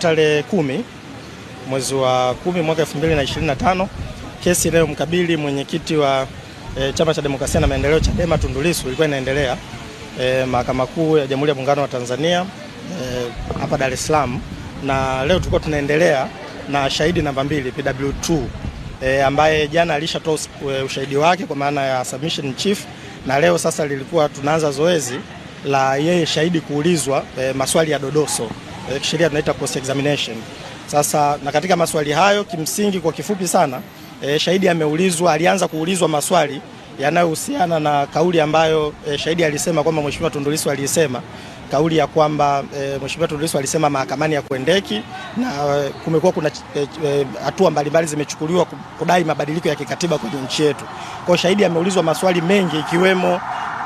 Tarehe kumi mwezi wa kumi mwaka tano kesi mkabili mwenyekiti wa e, chama cha demokrasia na maendeleo Chadema Tundu Lissu ilikuwa inaendelea e, mahakama kuu ya Jamhuri ya Muungano wa Tanzania eh, hapa e, Dar es Salaam, na leo tulikuwa tunaendelea na shahidi namba mbili PW2 e, ambaye jana alishatoa ushahidi wake kwa maana ya submission chief, na leo sasa lilikuwa tunaanza zoezi la yeye shahidi kuulizwa e, maswali ya dodoso kisheria eh, tunaita cross examination. Sasa na katika maswali hayo kimsingi, kwa kifupi sana e, shahidi ameulizwa, alianza kuulizwa maswali yanayohusiana na kauli ambayo e, shahidi alisema kwamba Mheshimiwa Tundu Lissu alisema kauli ya kwamba e, Mheshimiwa Tundu Lissu alisema mahakamani ya kuendeki na e, kumekuwa kuna hatua e, mbalimbali zimechukuliwa kudai mabadiliko ya kikatiba kwenye nchi yetu. Kwa shahidi ameulizwa maswali mengi ikiwemo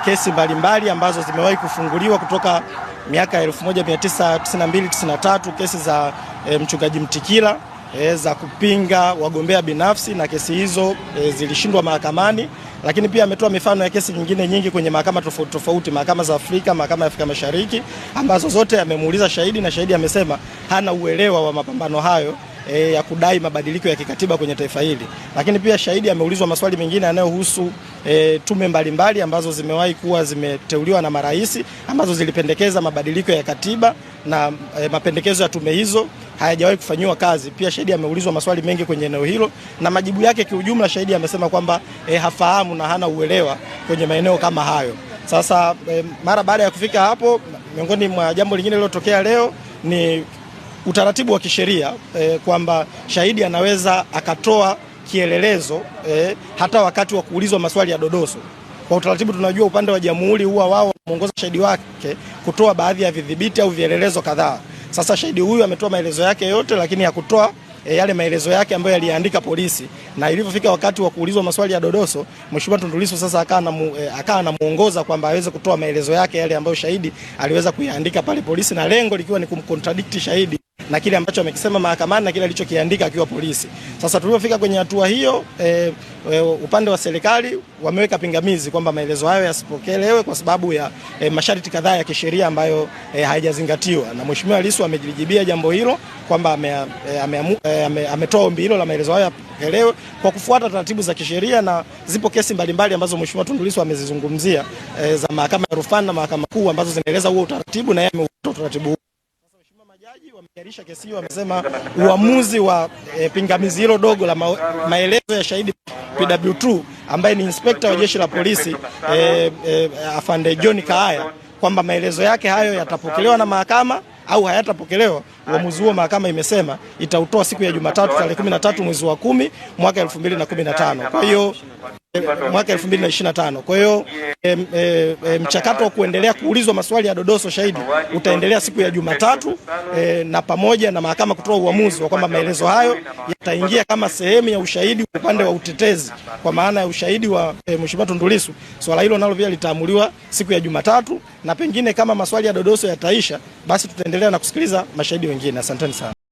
kesi mbalimbali mbali ambazo zimewahi kufunguliwa kutoka miaka 1992-93 kesi za e, mchungaji Mtikila e, za kupinga wagombea binafsi na kesi hizo e, zilishindwa mahakamani, lakini pia ametoa mifano ya kesi nyingine nyingi kwenye mahakama tofauti tofauti, mahakama za Afrika, mahakama ya Afrika Mashariki, ambazo zote amemuuliza shahidi na shahidi amesema hana uelewa wa mapambano hayo e, ya kudai mabadiliko ya kikatiba kwenye taifa hili. Lakini pia shahidi ameulizwa maswali mengine yanayohusu e, tume mbalimbali mbali, ambazo zimewahi kuwa zimeteuliwa na marais ambazo zilipendekeza mabadiliko ya katiba na e, mapendekezo ya tume hizo hayajawahi kufanyiwa kazi. Pia shahidi ameulizwa maswali mengi kwenye eneo hilo na majibu yake kiujumla, shahidi amesema kwamba e, hafahamu na hana uelewa kwenye maeneo kama hayo. Sasa e, mara baada ya kufika hapo, miongoni mwa jambo lingine lililotokea leo ni utaratibu wa kisheria eh, kwamba shahidi anaweza akatoa kielelezo eh, hata wakati wa kuulizwa maswali ya dodoso. Kwa utaratibu tunajua upande wa jamhuri huwa wao wanaongoza shahidi wake kutoa baadhi ya vidhibiti au vielelezo kadhaa. Sasa shahidi huyu ametoa maelezo yake yote, lakini hakutoa ya eh, e, yale maelezo yake ambayo yaliandika polisi, na ilivyofika wakati wa kuulizwa maswali ya dodoso, mheshimiwa Tundu Lissu sasa akawa na mu, e, eh, na muongoza kwamba aweze kutoa maelezo yake yale ambayo shahidi aliweza kuiandika pale polisi, na lengo likiwa ni kumcontradict shahidi na kile ambacho amekisema mahakamani na kile alichokiandika akiwa polisi. Sasa tulipofika kwenye hatua hiyo e, e, upande wa serikali wameweka pingamizi kwamba maelezo hayo yasipokelewe kwa sababu ya e, masharti kadhaa ya kisheria ambayo e, hayajazingatiwa na Mheshimiwa Lissu amejilijibia jambo hilo kwamba ametoa e, e, ame, ame, ombi hilo la maelezo hayo yapokelewe kwa kufuata taratibu za kisheria, na zipo kesi mbalimbali ambazo Mheshimiwa Tundu Lissu amezizungumzia e, za mahakama ya rufaa na mahakama kuu ambazo zinaeleza huo utaratibu na yeye ameutoa utaratibu huo. Majaji wameahirisha kesi hiyo, wamesema uamuzi wa e, pingamizi hilo dogo la ma, maelezo ya shahidi PW2 ambaye ni inspekta wa jeshi la polisi e, e, afande John Kaaya kwamba maelezo yake hayo yatapokelewa na mahakama au hayatapokelewa. Uamuzi huo mahakama imesema itautoa siku ya Jumatatu tarehe 13 mwezi wa 10 mwaka 2015. Kwa hiyo mwaka 2025. Kwa hiyo e, e, e, mchakato wa kuendelea kuulizwa maswali ya dodoso shahidi utaendelea siku ya Jumatatu e, na pamoja na mahakama kutoa uamuzi wa kwamba maelezo hayo yataingia kama sehemu ya ushahidi upande wa utetezi kwa maana ya ushahidi wa e, Mheshimiwa Tundu Lissu. Swala hilo nalo pia litaamuliwa siku ya Jumatatu, na pengine kama maswali ya dodoso yataisha, basi tutaendelea na kusikiliza mashahidi wengine. Asanteni sana.